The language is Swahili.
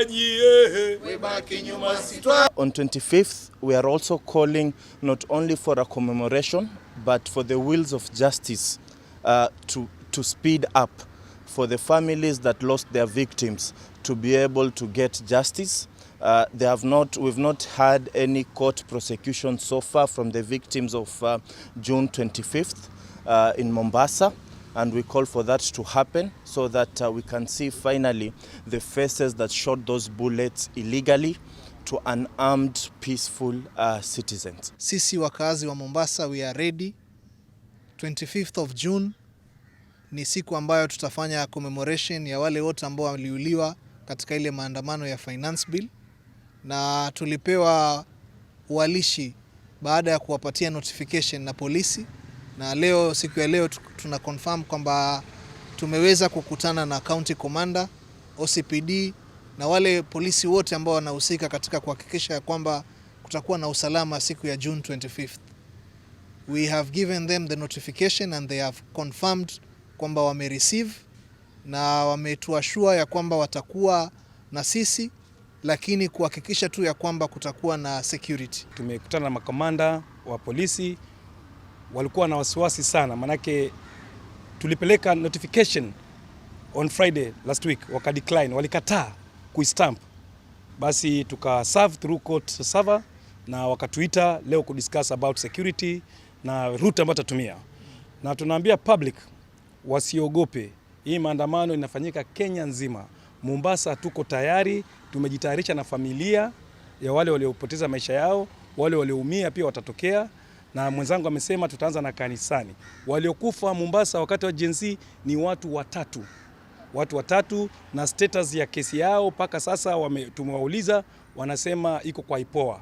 maji we nyuma sitwa. On 25th we are also calling not only for a commemoration but for the wheels of justice uh, to, to speed up for the families that lost their victims to be able to get justice. Uh, they have not, we've not had any court prosecution so far from the victims of uh, June 25th uh, in Mombasa and we call for that to happen so that uh, we can see finally the faces that shot those bullets illegally to unarmed peaceful uh, citizens. Sisi wakazi wa Mombasa we are ready. 25th of June ni siku ambayo tutafanya commemoration ya wale wote ambao waliuliwa katika ile maandamano ya finance bill, na tulipewa ualishi baada ya kuwapatia notification na polisi na leo, siku ya leo tuna confirm kwamba tumeweza kukutana na county commander, OCPD na wale polisi wote ambao wanahusika katika kuhakikisha ya kwamba kutakuwa na usalama siku ya June 25th. We have given them the notification and they have confirmed kwamba wame receive na wametuashua ya kwamba watakuwa na sisi, lakini kuhakikisha tu ya kwamba kutakuwa na security. Tumekutana na makamanda wa polisi walikuwa na wasiwasi sana, manake tulipeleka notification on Friday last week, waka decline, walikataa kuistamp. Basi tuka serve through court server na wakatuita leo kudiscuss about security na route ambayo tutatumia, na tunaambia public wasiogope. Hii maandamano inafanyika Kenya nzima. Mombasa tuko tayari, tumejitayarisha na familia ya wale waliopoteza maisha yao, wale walioumia pia watatokea na mwenzangu amesema tutaanza na kanisani. Waliokufa Mombasa wakati wa Gen Z ni watu watatu, watu watatu, na status ya kesi yao mpaka sasa wame, tumewauliza wanasema iko kwa IPOA.